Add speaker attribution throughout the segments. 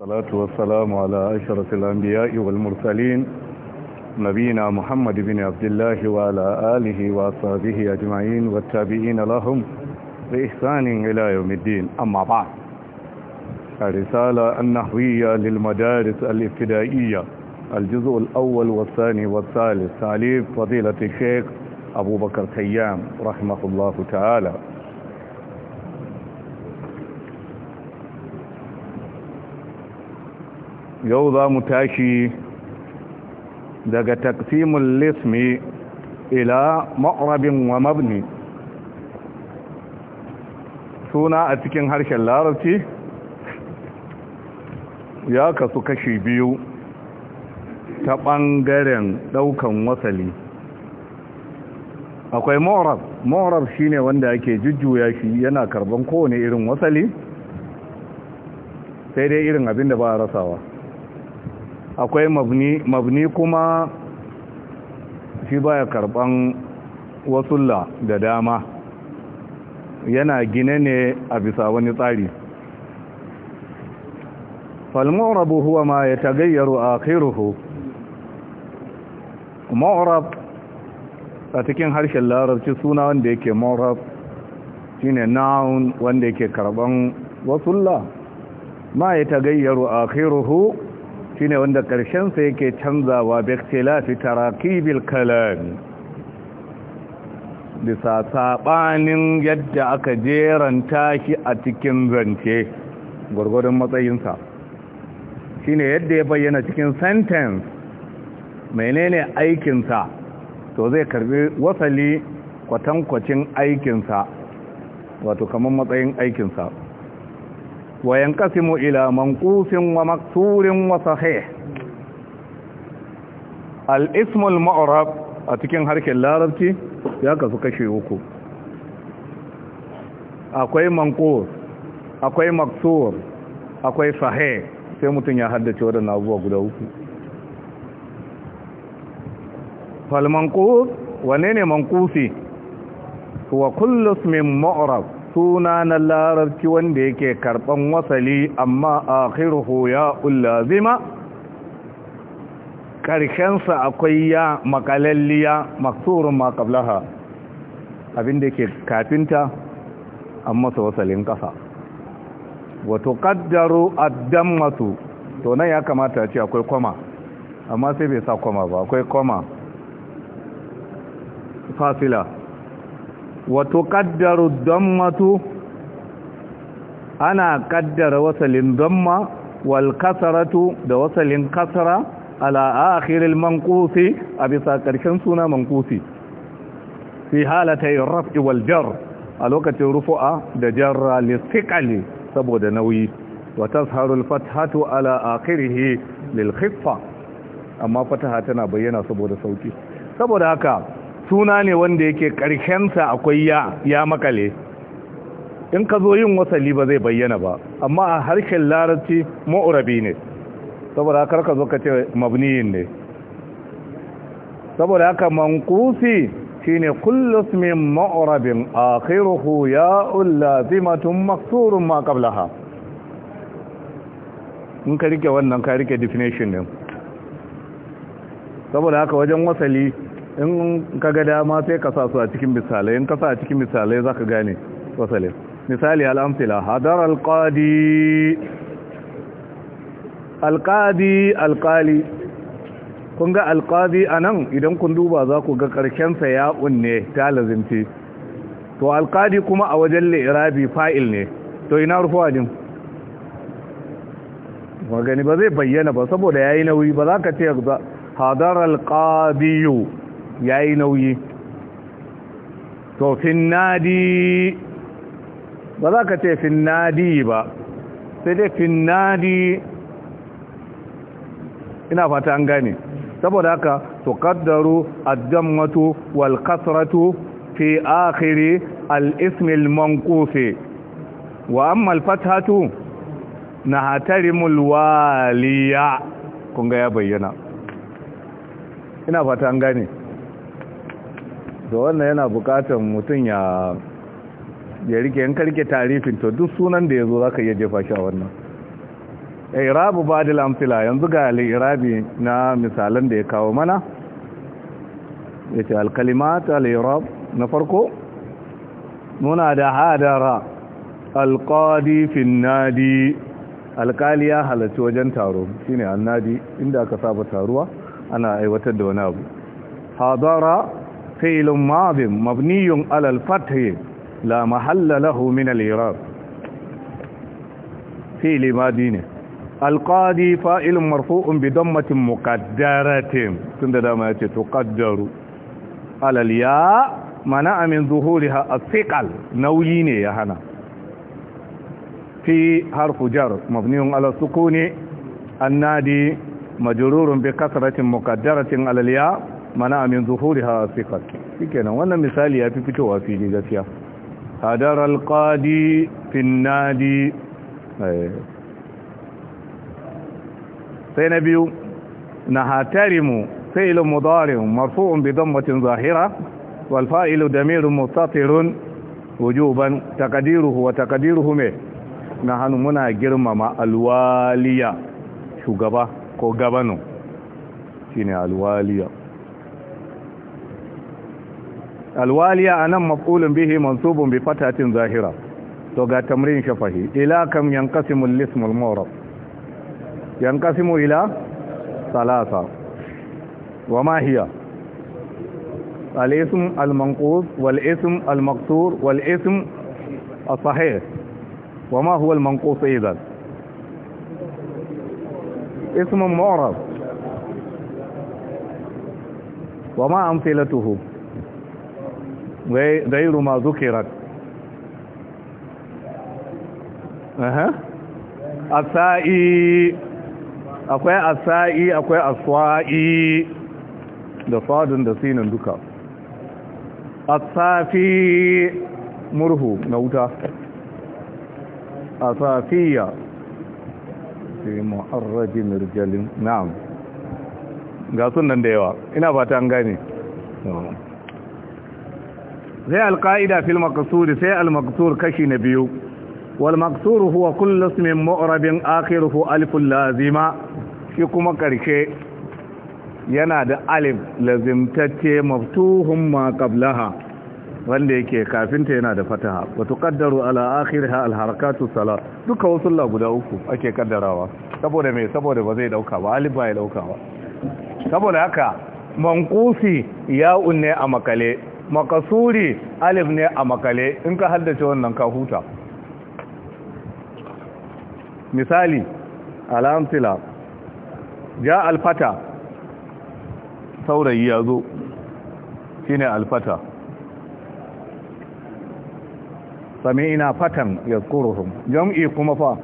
Speaker 1: الصلاة والسلام على أشرف الأنبياء والمرسلين نبينا محمد بن عبد الله وعلى آله وصحبه أجمعين والتابعين لهم بإحسان إلى يوم الدين أما بعد الرسالة النحوية للمدارس الابتدائية الجزء الأول والثاني والثالث تعليف فضيلة الشيخ أبو بكر خيام رحمه الله تعالى yau za mu tashi daga taqsimul lismi ila ma'arabin wa mabni suna a cikin harshen larabci ya kasu kashi biyu ta ɓangaren ɗaukan wasali akwai ma'arab shi ne wanda ake jujjuya shi yana karban kowane irin wasali sai dai irin abin da ba a rasawa akwai mabni mabni kuma shi baya karban wasulla da dama yana gine ne a bisa wani tsari فالمعرب هو ما يتغير آخره معرب a cikin harshen larabci suna wanda yake morab shine noun wanda yake karban wasulla ma ya tagayyaru akhiruhu shine wanda ƙarshensa yake canzawa biktilafi tarakibil kalami bisa saɓanin yadda aka jeranta shi a cikin zance gwargwadon matsayinsa shine yadda ya bayyana cikin sentence menene aikinsa to zai karbi wasali kwatankwacin aikinsa wato kaman matsayin aikinsa وينقسم إلى منقوص ومكسور وصحيح الاسم المعرب أتكين حركة اللاربتي ياكس كشيوكو akwai manqus akwai maksur akwai sahih sai mutum ya haddace wadannan abubuwa guda uku fal manqus wane ne manqusi huwa kullu ismin mu'rab suna na larabci wanda yake karban wasali amma a khirhu ya ulazima karshensa akwai ya makalalliya maksurun ma qablaha abinda yake kafinta an masa wasalin kasa wato kaddaru addammatu to nan ya kamata a ce akwai kwama amma sai bai sa kwama ba akwai kwama fasila وتقدر الضمة أنا قدر وصل ضمة والكسرة دوصل كسرة على آخر المنقوص أبي ساكر شنسنا منقوصي في حالتي الرفع والجر ألوكة رفع دجر للثقل سبود نوي وتظهر الفتحة على آخره للخفة أما فتحتنا بينا سبود صوتي سبود هكذا suna ne wanda yake ƙarshensa akwai ya ya makale in ka zo yin wasali ba zai bayyana ba amma a harshen larabci ma'urabi ne saboda haka ka zo ka ce mabniyin ne saboda haka mankusi shine kullu ismin ma'rabin akhiruhu ya'un lazimatun maksurun ma qablaha in ka rike wannan ka rike definition din saboda haka wajen wasali in ka ga dama sai ka sa su a cikin misalai in ka sa a cikin misalai za ka gane wasale misali al'amfila hadar alƙadi alƙadi alƙali kun ga alƙadi a nan idan kun duba za ku ga ƙarshensa ya unne ta lazimci to alƙadi kuma a wajen la'irabi fa'il ne to ina rufu ajin magani ba zai bayyana ba saboda ya yi nauyi ba za ka ce hadar alƙadiyu ya yi nauyi to nadi ba za ka ce finnadi ba sai dai finnadi ina fata an gane saboda haka to ad adammatu wal kasratu fi akhiri al-ism al wa amma al-fathatu nahtarimul waliya kun ga ya bayyana ina fata an gane da wannan yana bukatan mutum ya ya rike yan karke tarifin to duk sunan da ya zo za ka iya jefa shi a wannan irabu ba da yanzu ga al'irabi na misalan da ya kawo mana ya ce alkalimat al'irab na farko muna da hadara alkadi finnadi alkali ya halarci wajen taro shine annadi inda aka saba taruwa ana aiwatar da wani abu hadara فعل ماض مبني على الفتح لا محل له من الإعراب فعل ماضي القاضي فاعل مرفوع بضمة مقدرة تند تقدر على الياء منع من ظهورها الثقل نويين يا هنا في حرف جر مبني على السكون النادي مجرور بكثرة مقدرة على الياء mana amin zuhuri ha fiƙar fiƙe nan wannan misali ya fi fitowa fili gafiya hadar alƙadi finnadi eh. sai na biyu na hatarimu fa'ilun mudarin marfu'un bi dammatin zahira wal fa'ilu damirun mustatirun wujuban taqdiruhu wa taqdiruhu me na hannu muna girmama alwaliya shugaba ko gabanu shine alwaliya الوالي أنا مفعول به منصوب بفتحة ظاهرة توقع تمرين شفهي إلى كم ينقسم الاسم المورد ينقسم إلى ثلاثة وما هي الاسم المنقوص والاسم المقصور والاسم الصحيح وما هو المنقوص إذا اسم معرض وما أمثلته؟ غير ما ذكرت اها اسائي akwai asa'i akwai اسوائي da fadin da sinin duka asafi murhu na wuta asafiya sai مرجل نعم ga sunan da yawa ina ba an gane zai alƙa'ida fil maqsur sai al maqsur kashi na biyu wal maqsur huwa kullu ismin mu'rabin akhiruhu alifun lazima shi kuma karshe yana da alif lazimtacce maftuhun ma qablaha wanda yake kafinta yana da fataha wa tuqaddaru ala akhiriha al harakatu salat duka wasu guda uku ake kaddarawa saboda me saboda ba zai dauka ba alif ba ya dauka ba saboda haka manqusi ya unne a makale makasuri alif ne a makale in ka haddace wannan ka huta misali alamtila ja alfata saurayi ya zo shi ne alfata sami ina fatan ya kuruhun jam'i kuma fa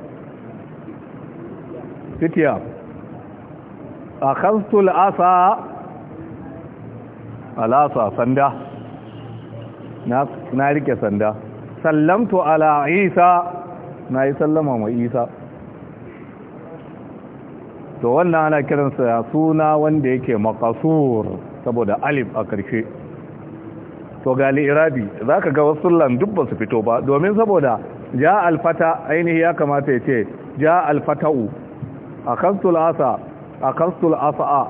Speaker 1: fitiya a kastul asa alasa sanda na rike sanda sallamtu ala isa na yi sallama ma isa to wannan ana kiransa suna wanda yake makasur saboda alif a ƙarshe to ga li'irabi za ka ga wasu lan dubban su fito ba domin saboda ja alfata ainihi ya kamata ya ce ja alfata'u a kastul asa a kastul asa'a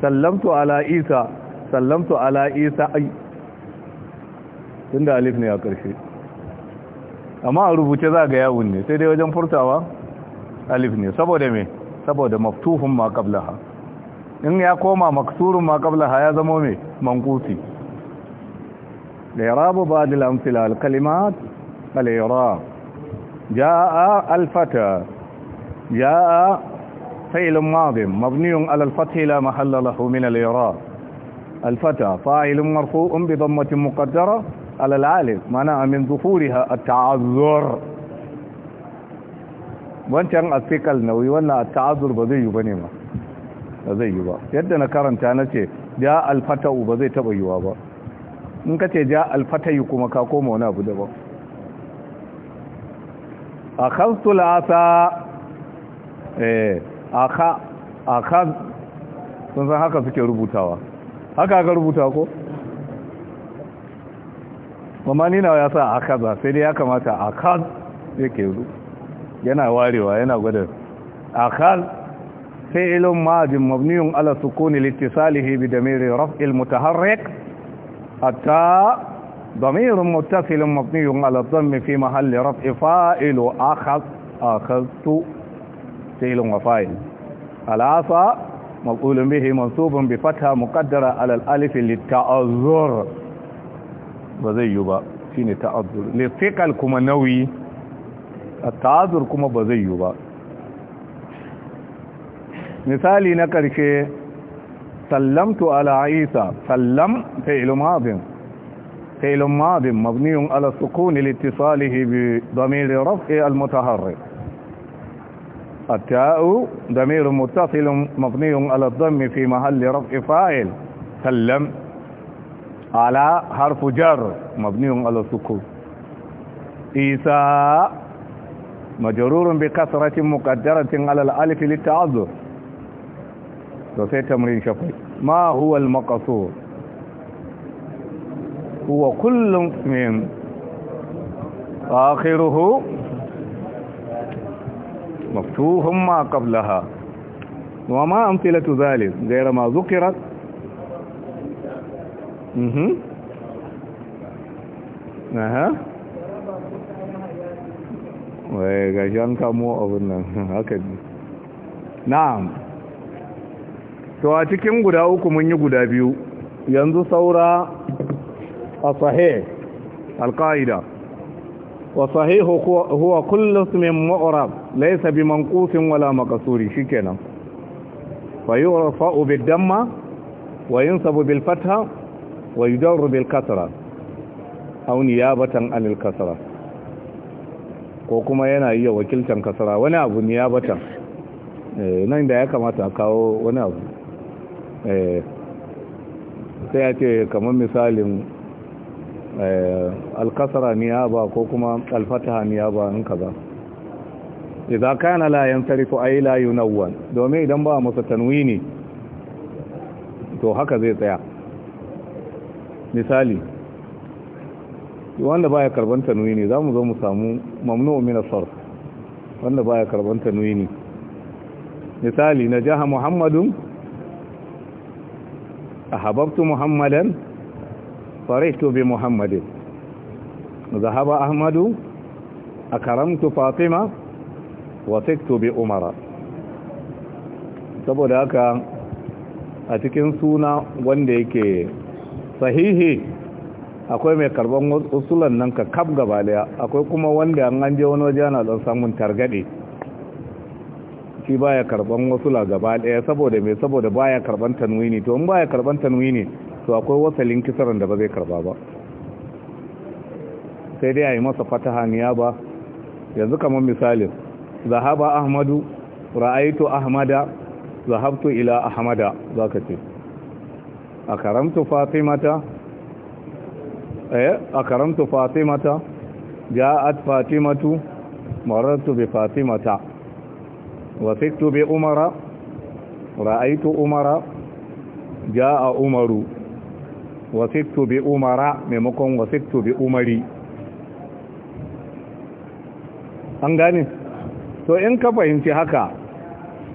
Speaker 1: sallamtu ala isa sallamtu ala isa tunda alif ne a karshe amma a rubuce za ga yawun ne sai dai wajen furtawa alif ne saboda me saboda maftuhun ma qablaha in ya koma maksurun ma qablaha ya zama me manqusi لإعراب بعض الأمثلة الكلمات الإعراب جاء الفتى جاء فعل ماض مبني على الفتح لا محل له من الإعراب الفتى فاعل مرفوع بضمة مقدرة على العالم معناها من a التعذر wancan asikal nauyi wannan ta'azur ba zai yi ba ne ma ba zai yi ba yadda na karanta na ce ja alfata'u ba zai taba yiwa ba in ka ce ja alfatayu kuma ka koma wani abu daban akhadtu la'asa eh aka aka sun san haka suke rubutawa haka aka rubuta ko amma nina ya sa a kaza sai dai ya kamata a kaz yake zu yana warewa yana gwada a kaz sai ilon ma'ajin mabniyun ala sukuni littisalihi bi damiri raf'il mutaharrik hatta damirin muttasilin mabniyun ala zammi fi mahalli raf'i fa'ilu akhaz akhaztu sai ilon wa fa'il alasa maqulun bihi mansubun bi fata muqaddara alal al-alif ba zai yi ba shine ta'azzur liqal kuma nauyi ta'azzur kuma ba zai yi ba misali na karshe sallamtu ala isa sallam fi'l madin فعل ماض مبني على السكون لاتصاله بضمير رفع المتحرك التاء ضمير متصل مبني على الضم في محل رفع فاعل سلم على حرف جر مبني على السكون عيسى مجرور بكسرة مقدرة على الألف للتعذر وفي تمرين شفوي ما هو المقصور هو كل من آخره مفتوح ما قبلها وما أمثلة ذلك غير ما ذكرت Mm-hmm. kamo abin nan haka ne na'am to a cikin guda uku mun yi guda biyu yanzu saura a sahih alƙa'ida wa sahihu huwa kullu ismin mu'rab laysa bimanqusin wala maqsuri shikenan fa yurfa'u bid-damma wa yunsabu bil-fatha wa rubin bil auni ya batan anil kasra ko kuma yana yi wakiltan kasara wani abu ya batan nan da ya kamata a kawo wani abu sai ya ce kamar misalin alkasara ba ko kuma alfataha ba in kaza idza kana la yansarifu ay la yunawwan domin idan ba masa tanwini to haka zai tsaya misali wanda baya karban tanwi ne zamu zo mu samu mamnu min sarf wanda baya karban tanwi ne misali najaha muhammadun ahabbtu muhammadan farihtu bi muhammadin zahaba ahmadu akaramtu fatima wasiktu bi umara saboda haka a cikin suna wanda yake sahihi akwai mai karban usulan nan ka kaf gaba daya akwai kuma wanda an anje wani waje ana don samun targade shi baya karban usula gaba daya saboda mai saboda baya karban tanwini to in baya karban tanwini to akwai wasalin kisaran da ba zai karba ba sai dai a yi masa fataha niya ba yanzu kamar misalin zahaba ahmadu ra'aitu ahmada zahabtu ila ahmada zaka ce a karamtu fatimata eh a karamtu fatimata ja'at fatimatu marartu bi fatimata wa fiktu bi umara ra'aytu umara ja'a umaru wa fiktu bi umara maimakon wa fiktu bi umari an gane to in ka fahimci haka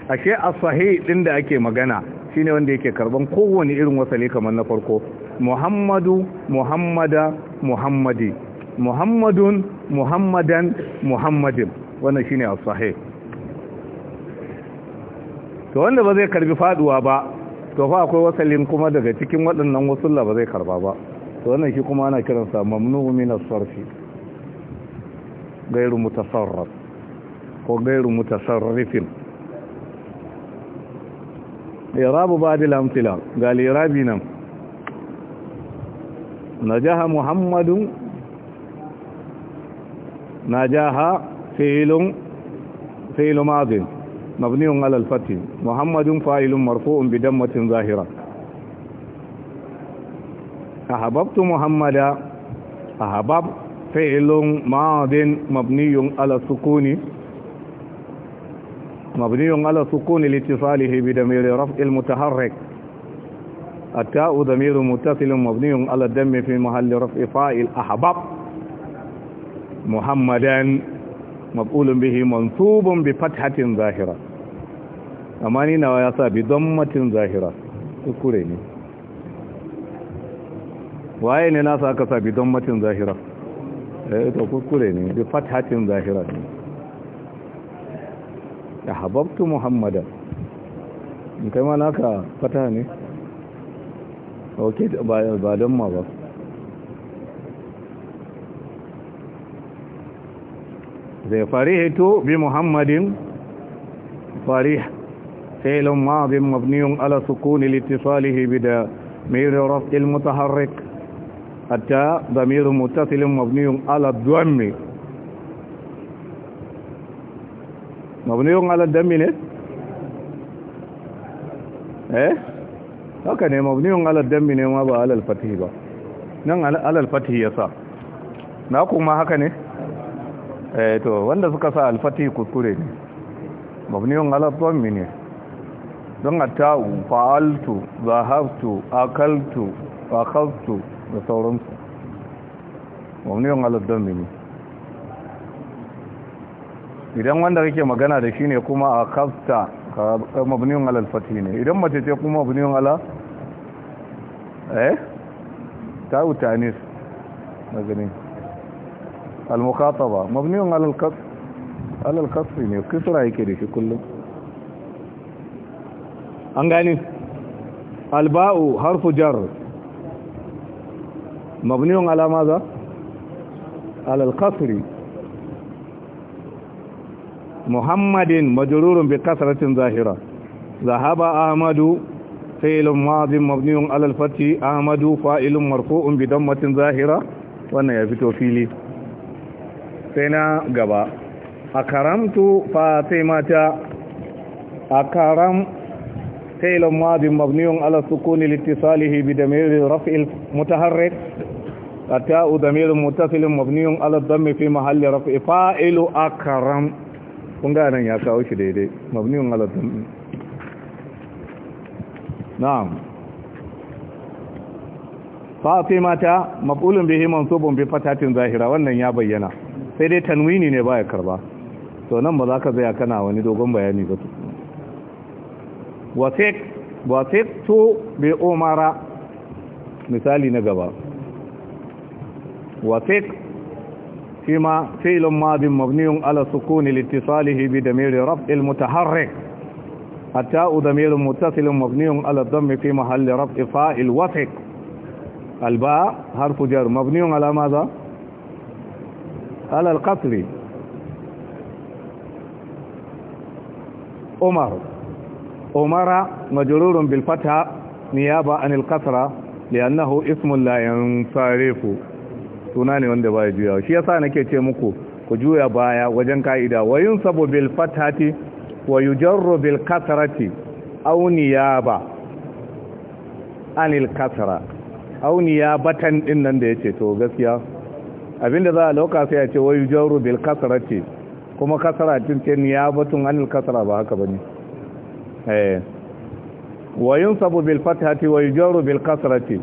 Speaker 1: ashe as-sahih din da ake magana Shi ne wanda yake karban kowane irin wasali kamar na farko muhammadu muhammada muhammadi muhammadun muhammadan muhammadin wannan shi ne sahih to wanda ba zai karbi faduwa ba to fa akwai wasalin kuma daga cikin waɗannan wasulla ba zai karba ba to wannan shi kuma ana kiransa mamnu min as-sarfi gairu mutasarrif ko gairu mutasarrifin irabu badil amsila ga lirabi nan najaha muhammadun najaha fi'ilun fi'ilu madin mabniun ala al-fath muhammadun fa'ilun marfu'un bi dammatin zahira ahabbtu muhammada ahabbtu فعل ماض مبني على السكون مبني على سكون لاتصاله بدمير رفع المتحرك التاء ضمير متصل مبني على الدم في محل رفع فائل أحباب محمدا مبؤول به منصوب بفتحة ظاهرة أماني نواياسا بضمة ظاهرة تذكريني وأين ناسا كسا بضمة ظاهرة إيه، تذكريني بفتحة ظاهرة hababtu muhammadan in kai ma naka fata ne okay ba ba don ma ba zai farihatu bi muhammadin filin ma bi mabniun ala sukuni liittisalihi bi da mir raf'il mutaharrik hatta damir muttasil mabniun ala dhammi mabniyun eh? ala dammi ne eh haka ne mabniyun ala dammi ne ma ba ala al ba nan ala al ya sa na kuma haka ne eh to wanda suka sa al kuskure ne mabniyun ala dammi ne don ata'u fa'altu zahabtu akaltu akhadtu da sauransu mabniyun ala dammi ne idan wanda kake magana da shi ne kuma a kafta mabniyun alalfati ne idan mace ce kuma mabniyun ala eh ta utanis na gani al-mukhataba mabniyun alal kasr alal kasr ne kisra yake da shi kullum an gani alba'u harfu jar mabniyun ala maza alal kasri muhammadin majururun bi zahira zahaba ahmadu failun mazin mabniyun alalfati ahmadu fa’ilun zahira wannan ya fito fili sai na gaba a karamtu fa sai mata a karam failun mazin mabniyun alasukuni fa’ilu a kun ga nan ya kawo shi daidai mabniun ala dhammi na'am fatima ta maqulun bihi mansubun bi fatatin zahira wannan ya bayyana sai dai tanwini ne baya karba to nan ba za ka zaya kana wani dogon bayani ba to wasik bi umara misali na gaba wasik فيما فعل ماض مبني على سكون لاتصاله بضمير رفع المتحرك التاء ضمير متصل مبني على الضم في محل رفع فاعل وثق الباء حرف جر مبني على ماذا على القتل عمر عمر مجرور بالفتحة نيابة عن القصر لأنه اسم لا ينصرف suna ne wanda baya juyawa shi yasa nake ce muku ku juya baya wajen ka'ida wa yunsabu bil fathati wa yujarru bil kasrati aw niyaba anil kasra aw niyabatan din nan da yace to gaskiya abinda za a lauka sai ya ce wa yujarru bil kasrati kuma kasra din ce niyabatun anil kasra ba haka bane eh wa yunsabu bil fathati wa yujarru bil kasrati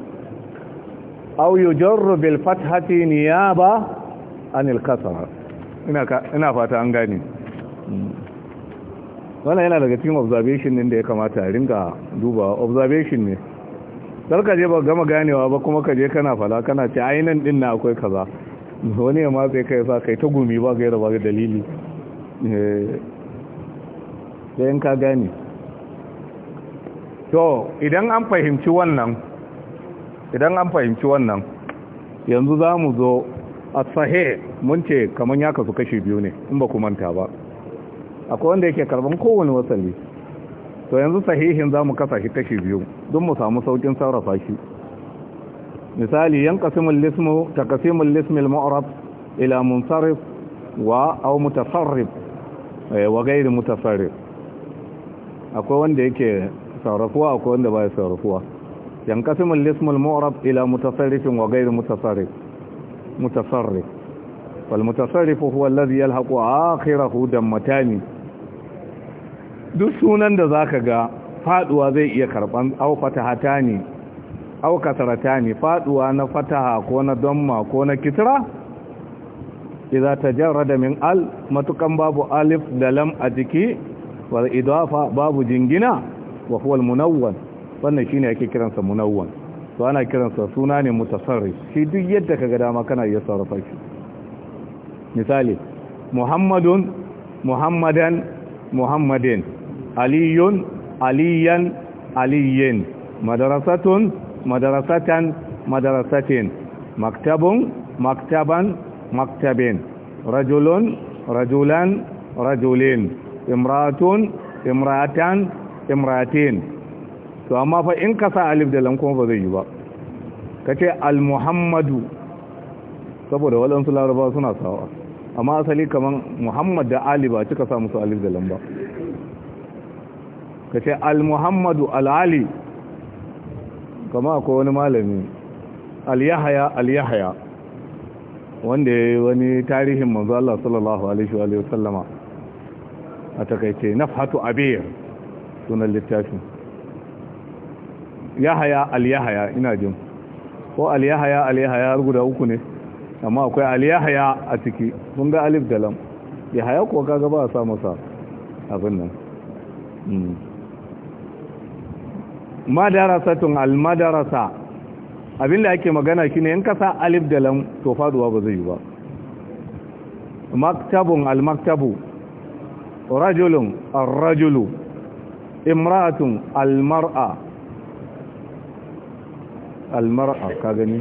Speaker 1: aw bilfat Hati fathati niyaba anil kasra ina ina fata an gani wannan yana daga cikin observation din da ya kamata a ringa duba observation ne sarka je ba gama ganewa ba kuma ka je kana fala kana ce ainihin din na akwai kaza wani ya matse kai sa kai ta gumi ba gaira ba dalili sai in ka gane to idan an fahimci wannan idan an fahimci wannan yanzu za mu zo a sahe mun ce kamar ya kasu kashi biyu ne in ba manta ba akwai wanda yake karban kowane wasali to yanzu sahihin za mu kasa shi kashi biyu don mu samu saukin sarrafa shi misali yan kasimin lismu ta kasimin lismil ma'arab ila munsarif wa au mutasarrif eh, wa gairi mutasarrif akwai wanda yake sarrafuwa akwai wanda ba ya sarrafuwa ينقسم ila المعرب إلى متصرف وغير متصرف متصرف فالمتصرف هو الذي يلحق آخره دمتان duk sunan da zaka ga faduwa zai iya karɓan au fatahata ne na fataha ko na damma ko na kisra idza tajarrada min al matukan babu alif da lam a jiki wal idafa babu jingina wa huwa munawwan wannan shine ake kiransa munawwan to ana kiransa suna ne mutasarrif shi duk yadda kaga dama kana iya sarrafa shi misali muhammadun muhammadan muhammadin aliyun aliyan aliyin madrasatun madrasatan madarasatin maktabun maktaban maktabin rajulun rajulan rajulin imratun imratan imratin to amma fa in ka sa alif da lam kuma ba zai yi ba ka ce al-muhammadu saboda waɗansu laraba suna sawa amma asali kamar muhammad da ali ba cika sa musu alif da lam ba ka ce al-muhammadu al-ali kama akwai wani malami al-yahaya al-yahaya wanda ya yi wani tarihin manzo Allah sallallahu alaihi wa sallama a takaice nafhatu abir sunan littafin yahaya al-yahaya ina jin ko al-yahaya al-yahaya guda uku ne amma akwai al-yahaya a ciki mun ga alif da lam yahaya ko kaga ba a sa masa abin nan hmm. madarasatun al-madarasa da ake magana shine in ka sa alif da lam to faduwa ba zai yi ba maktabun al-maktabu rajulun ar-rajulu imra'atun al-mar'a almar'a ka gani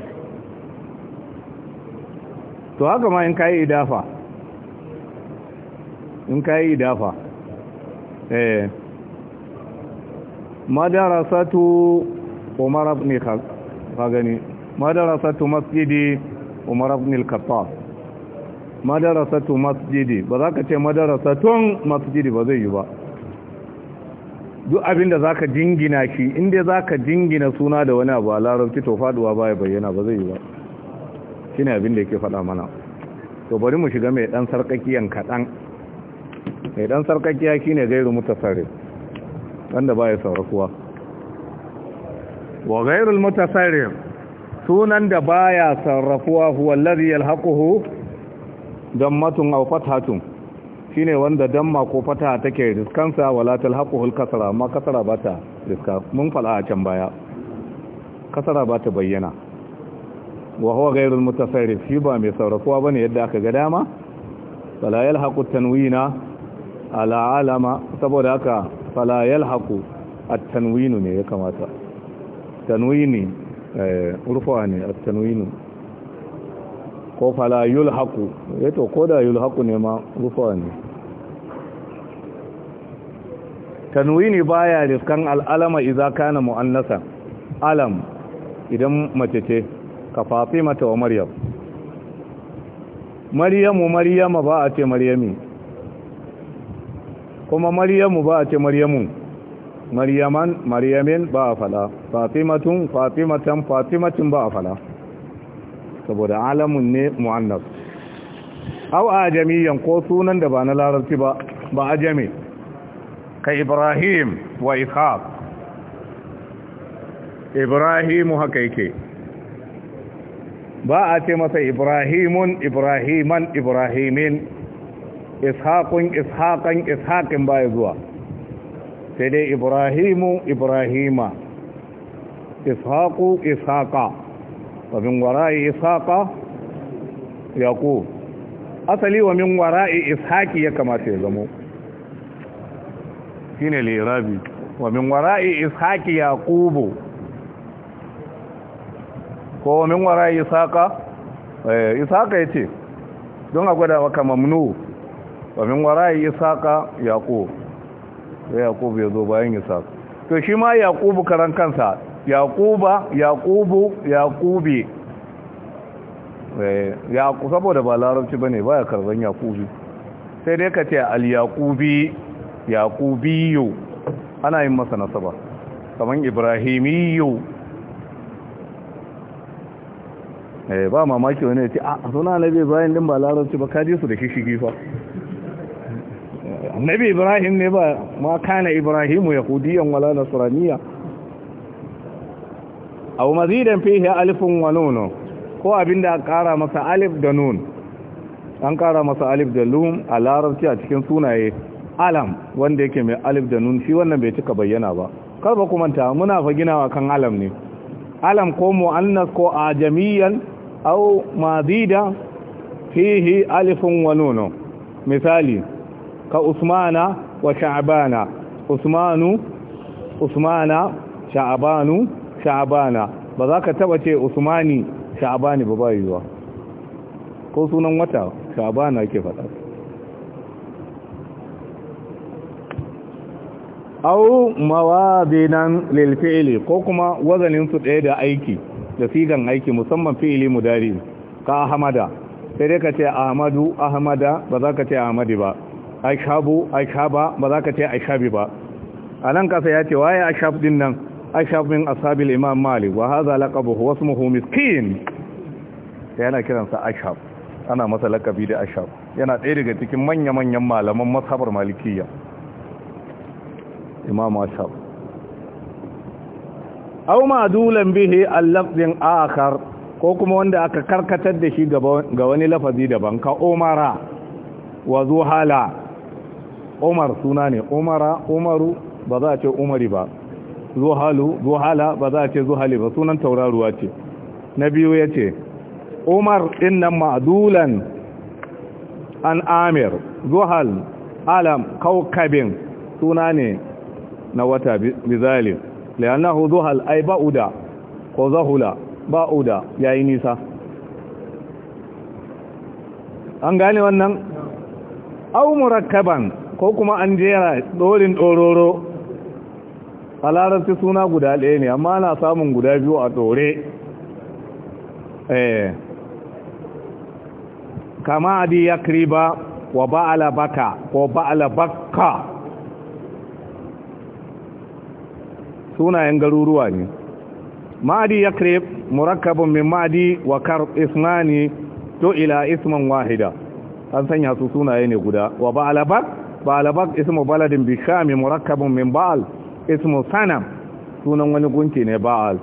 Speaker 1: to haka ma in kayi idafa in kayi idafa eh madarasatu umar ibn ka gani madarasatu masjidi umar ibn al-khattab madarasatu masjidi ba za ka ce madarasatun masjidi ba zai yi ba duk abin da zaka jingina shi inda zaka jingina suna da wani abu a larabci to faduwa baya bayyana ba zai yi ba shine abin da yake faɗa mana to bari mu shiga mai dan sarkakiyan kaɗan mai dan sarkakiya shine gairu mutasarrif wanda ba ya saurakuwa wa gairul mutasarrif sunan da ba ya sarrafuwa huwa allazi don matun aw fathatun shine wanda damma ko fata take riskansa wala talhaquhul kasara amma kasara ba ta riska mun fala a can baya kasara ba ta bayyana wa huwa ghayrul mutasarrif shi ba mai ba bane yadda aka ga dama fala yalhaqu tanwina ala alama saboda haka fala yalhaqu at-tanwinu ne ya kamata tanwini eh, urfa ne at-tanwinu ko fala haku yato eh ko da haku ne ma rufuwa ne tanwini baya riskan al'alama iza kana mu'annasa alam idan mace ce ka fafi mata wa maryam maryamu maryama ba a ce maryami kuma maryamu ba a ce maryamu maryaman maryamin ba a fala matan fafi matun ba a fala saboda alamun ne mu'annas aw ajamiyan ko sunan da ba na larabci ba ba ajami ka ibrahim wa ishaq ibrahim haka yake ba a ce masa ibrahimun ibrahiman ibrahimin ishaqun ishaqan ishaqin baya zuwa sai dai ibrahimu ibrahima ishaqu ishaqa wa min wara'i ishaqa yaqub asali wa min wara'i ishaqi ya kamata ya zamo shine lirabi wa min wara'i ishaqi yaqub ko wa min wara'i ishaqa eh ishaqa yace don a gwada maka wa min wara'i ishaqa sai ya zo bayan ishaq to shi ma yaqub karan kansa yaquba yaqubu yaqubi eh, ya saboda ba larabci bane baya karban yaqubi sai dai ka ce al yaqubi yaqubiyu ana yin masa nasaba kaman ibrahimiyu eh ba mamaki wani ya ce ah, a suna nabi bayan din ba larabci ba kaje su da kishigi fa eh, nabi ibrahim ne ba ma kana ibrahimu yahudiyan wala nasraniya aw mazidan fiye alifin wa ko abinda da kara masa alif da nun an kara masa alif da lum a larabci a cikin sunaye alam wanda yake mai alif da nun shi wannan bai cika bayyana ba karba ba kumanta muna faginawa kan alam ne alam ko mu'annas ko ajamiyan au mazida fihi alifun wa misali ka usmana wa sha'bana usmanu usmana shaabanu sha'abana ba za ka taba ce usmani sha'abani ba bayuwa ko sunan wata sha'abana ke faɗa au mawazinan lil fi'li ko kuma wazanin su ɗaya da aiki da sigan aiki musamman fi'li mudari ka ahmada sai dai ka ce ahmadu ahmada ba za ka ce ahmadi ba ashabu ashaba ba za ka ce ashabi ba a nan kasa ya ce waye ashab din nan ashab min ashabil imam malik wa hadha laqabuhu wa ismuhu miskin yana kiransa ashab ana masa lakabi da ashab yana ɗaya daga cikin manya-manyan malaman masabar malikiya imam ashab au ma'dulan bihi al-lafzin akhar ko kuma wanda aka karkatar da shi ga wani lafazi daban ka umara wa zuhala umar suna ne umara umaru ba za a ce umari ba zuhalu zuhala ba za a ce zuhali ba sunan tauraruwa ce na biyu ya ce umar innan ma'adulan an amir zuhal alam kaukabin suna ne na wata bizali liyannahu zuhal ai ba'uda ko zahula ba'uda yi nisa an gane wannan au murakaban ko kuma an jera dorin dororo halararci suna guda ɗaya ne amma ana samun guda biyu a tsore eh. kama adi ya kriba wa ba'ala baka ko ba'ala bakka sunayen garuruwa ne ma'adi ya krib murakabin min ma'adi wa kar ismani to ila isman wahida an sanya su sunaye ne guda wa ba'ala bak ba'ala bak ismu baladin bishami murakabin min ba'al ismu sanam sunan wani gunki ne ba'al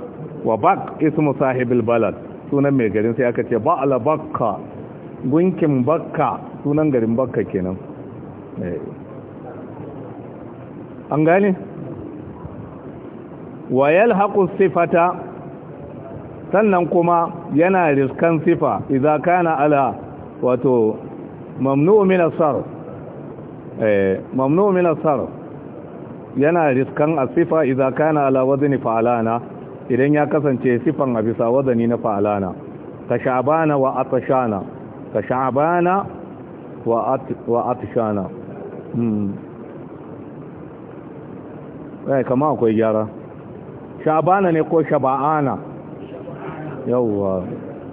Speaker 1: wa bak ismu sahibul balad sunan mai garin sai aka ce ba'ala bakka gunkin bakka sunan garin bakka kenan an gane wa yalhaqu sifata sannan kuma yana riskan sifa idza kana ala wato mamnu'u min as-sarf eh mamnu'u min as-sarf yana riskan sifa iza kana ala wazini fa'alana idan ya kasance sifan a bisa wazani na fa'alana ka sha’abana wa atshana ka sha'bana wa wa atshana hmm eh, kama akwai gyara sha’abana ne ko shaba'ana yawwa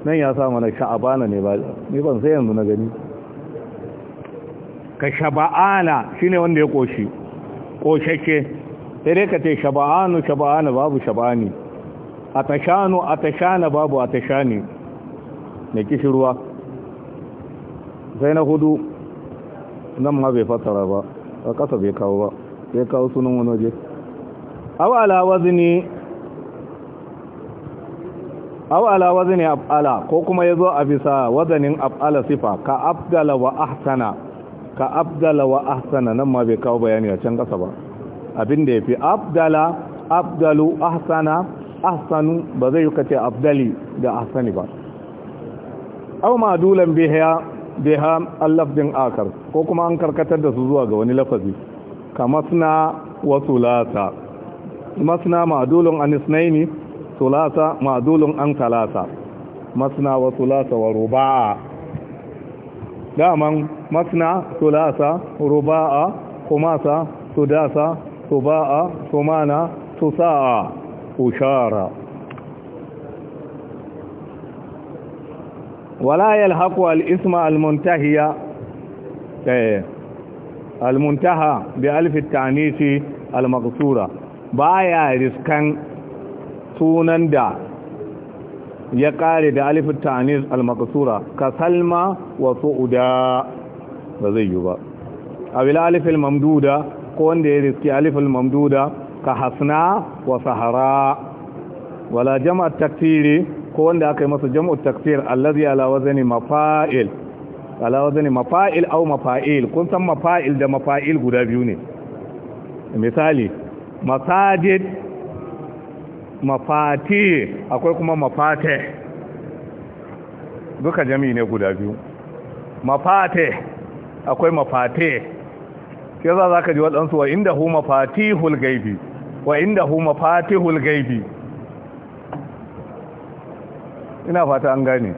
Speaker 1: nan ya sa mana sha’abana ne ba ni ban sai yanzu na gani ka shaba'ana shine wanda ya koshi ƙoshashe sai dai ka ce shaba'anu shaba'anu babu shaba'ani a tashanu a tashana babu a tashani mai kishirwa sai na hudu nan ma bai fatara ba a ƙasa bai kawo ba sai kawo sunan wani waje abu wazni awala wazni ko kuma ya zo a bisa wazanin ab'ala sifa ka abdala wa ahsana ka abdala wa ahsana nan ma bai kawo bayani a can kasa ba abin da ya fi abdala abdalu ahsana ahsanu ba zai kace abdali da ahsani ba aw madulan biya biha allafdin akar ko kuma an karkatar da su zuwa ga wani lafazi ka masna wa sulasa masna dulun an isnaini sulasa dulun an talasa masna wa sulasa wa ruba'a daman masna sulasa ruba'a kumasa sudasa suba'a sumana susa'a ushara wala yalhaqu al-isma al-muntahiya al-muntaha bi alif at-ta'nisi al-maqsura baya riskan sunan da ya ƙare da alifin ta'anis al makasura ka salma wa su'uda ba zai yi ba A awil alifin mamduda ko wanda ya riski alifin mamduda ka hasna wa sahara wala jama'a taktiri ko wanda aka yi masa jam'u taktiri allazi alawazani mafa'il ala mafa'il au mafa'il kun san mafa'il da mafa'il guda biyu ne misali masajid mafati akwai kuma mafate duka jami ne guda biyu mafate akwai mafate Ke za za ka ji waɗansu wa inda hu mafati hulgaibi wa inda hu mafati hulgaibi ina fata an gane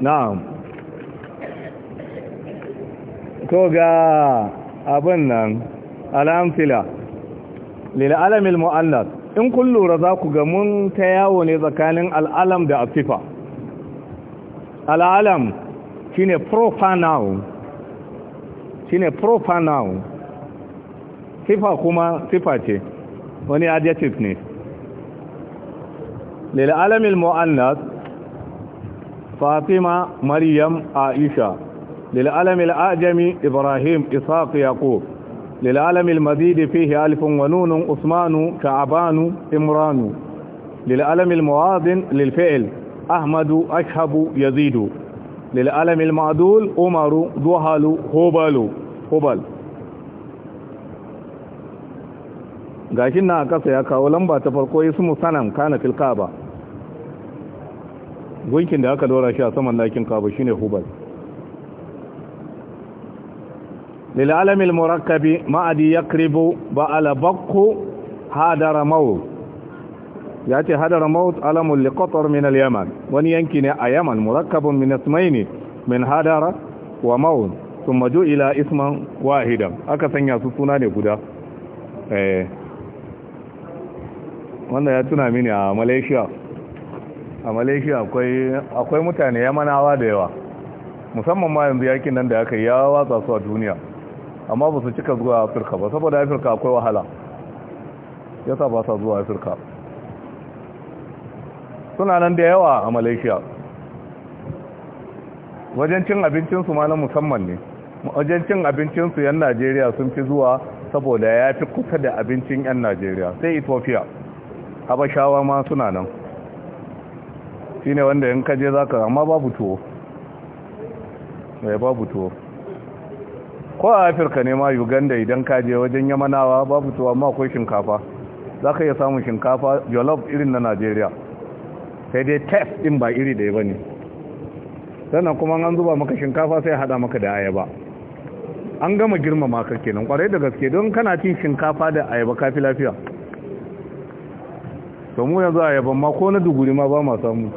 Speaker 1: na'am to ga abin nan al'amfila lil'alamil mu'annas in kun lura za ku ga mun ta yawo ne tsakanin al'alam da asifa al'alam shi ne profanau shi ne profanau sifa kuma sifa ce wani adjective ne lil'alamil mu'annas fatima maryam aisha للعلم الأعجمي إبراهيم إساق يقوب للعلم المزيد فيه ألف ونون أثمان كعبان إمران للعلم المواضن للفعل أحمد أشهب يزيد للعلم المعدول أمر ضحل هبل هبل gashin na kasa ya kawo lamba ta farko ya sumu sanan kana filka ba gunkin da aka dora shi a saman lakin kaba ne hubal للعلم المركب ما أدي يقرب بأل بق هادر موت يأتي هادر موت ألم لقطر من اليمن ونينكن أيمن مركب من اسمين من هادر وموت ثم جو إلى اسم واحدا أكثن يسسنا نقدا wanda ya tuna mini a malaysia a malaysia akwai mutane yamanawa da yawa musamman ma yanzu yakin nan da aka yi ya watsa su a duniya amma ba su cika zuwa afirka ba saboda afirka akwai wahala ya sa ba sa zuwa afirka suna nan da yawa a malaysia wajen cin abincinsu ma na musamman ne wajen cin abincinsu 'yan najeriya sun fi zuwa saboda ya fi kusa da abincin 'yan najeriya sai ethiopia abashawa ma suna nan shi ne wanda in kaje za ka amma babu tuwo mai eh, babu tuwo ko a afirka ne ma uganda idan ka je wajen yamanawa babu tuwa ma akwai shinkafa za ka iya samun shinkafa jollof irin na najeriya sai dai tef din ba iri da ya ne sannan kuma an zuba maka shinkafa sai hada maka da ayaba an gama girmama ka kenan kwarai da gaske don kana cin shinkafa da ayaba kafi lafiya to mu yanzu ayaban ma ko na duguri ma ba ma samu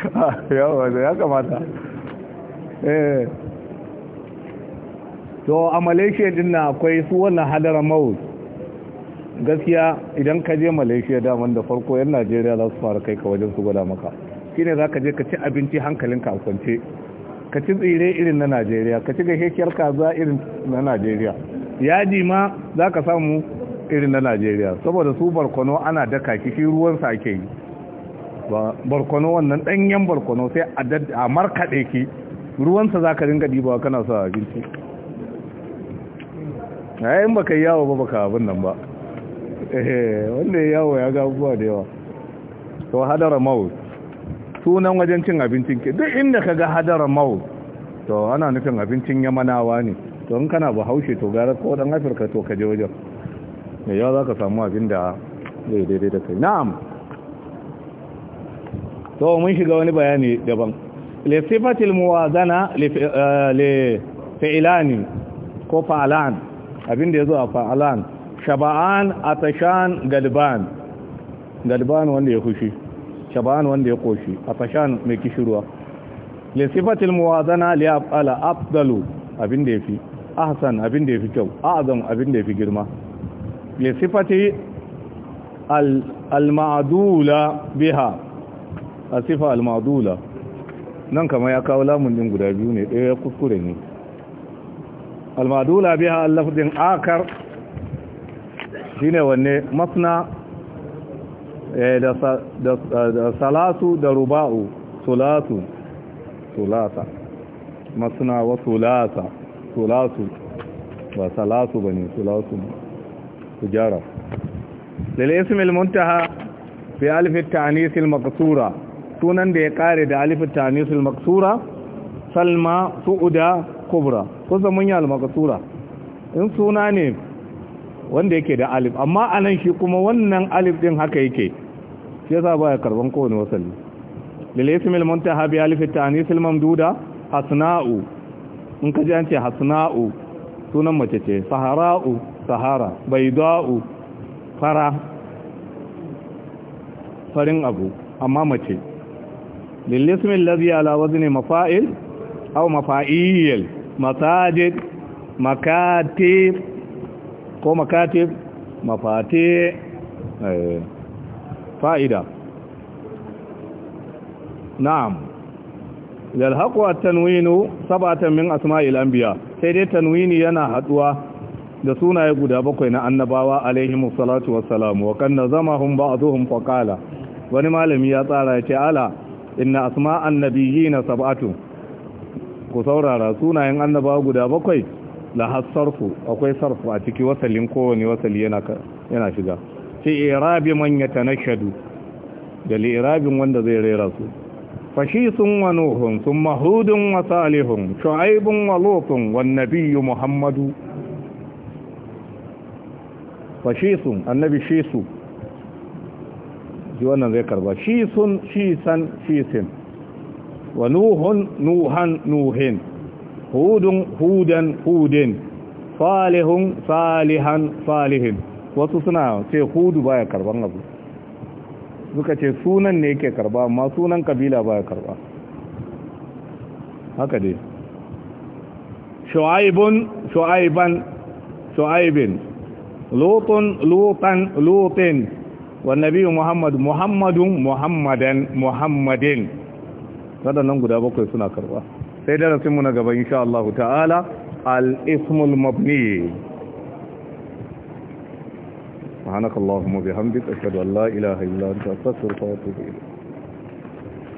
Speaker 1: ya kamata Eh. to a malaysia din na akwai su wannan hadara maus. gaskiya idan ka je malaysia daman da farko yan najeriya za su fara kai ka wajen su gwada maka shine za ka je ka ci abinci hankalinka a kwance ka ci tsire irin na najeriya ka ci ka kaza irin na najeriya yaji ma za ka samu irin na najeriya saboda su barkono ana daka kishi ruwan sake yi barkono wannan ɗanyen barkono sai a markaɗe ki ruwansa za ka ringa dibawa kana sa abinci a in baka yawo ba baka abin nan ba eh, wanda ya yawo ya ga abubuwa da yawa to hadara maut sunan wajen cin abincin ke duk inda ka ga hadara maut to ana nufin abincin yamanawa ne to in kana bahaushe to gara ko dan afirka to ka je wajen da yawa za ka samu abin da zai daidai da kai na'am to mun shiga wani bayani daban lisifatil muwazana li ko fa'lan abinda yazo a fa'lan shaba'an atashan galban galban wanda ya kushi shaba'an wanda ya koshi atashan mai kishirwa lisifatil muwazana li afala afdalu abinda yafi ahsan abinda yafi kyau azam abinda yafi girma lisifati al al ma'dula biha asifa al nan kama ya kawo lamun din guda biyu ne ɗaya kuskure ne almadula biya allafdin akar ne wanne masna eh, da salatu da ruba'u sulatu sulata masna wa sulata sulatu ba salatu ba ne sulatu jara lalai ismi al muntaha fi alifin ta'anisil makasura sunan da ya kare da alif tanisul maksura salma su'uda kubra kusa mun yi al-maksura in suna ne wanda yake da alif amma anan shi kuma wannan alif din haka yake shi yasa baya karban kowane wasalli lil ismil muntaha bi alif tanisul mamduda hasna'u in ka ji an ce hasna'u sunan mace ce sahara'u sahara baida'u fara farin abu amma mace للاسم الذي على وزن مفائل أو مفائيل مساجد مكاتب ko makatib mafate fa'ida na'am yalhaqu at-tanwinu sab'atan asma'il anbiya sai dai tanwini yana haɗuwa da sunaye guda bakwai na annabawa alaihimus salatu wassalamu wa kan nazamahum ba'dhum wani malami ya tsara ya ce ala inna asma'an annabiyina sab'atu ku saurara sunayen annabawa guda bakwai la hasarfu akwai sarfu a ciki wasalin kowane wasali yana yana shiga sai irabi man yatanashadu da irabin wanda zai rera su Fashi sun wa nuhun sun mahudun wa salihun shu'aibun wa lutun wan nabiyyu muhammadu sun, annabi shi su shi wannan zai karba shi sun shi san shi sin wa nuhun nuhan nuhin hudun hudan hudin falihun salihan falihin wasu suna ce hudu baya karban abu suka ce sunan ne yake karba amma sunan kabila baya karba haka dai shu'aibun shu'aiban shu'aibin lutun lutan lutin والنبي محمد محمد محمدا محمدين waɗannan guda bakwai suna karba sai mu na gaba insha Allah ta'ala al-ismul mabni subhanakallahumma bihamdika ashhadu an la ilaha illa anta astaghfiruka wa atubu ilayk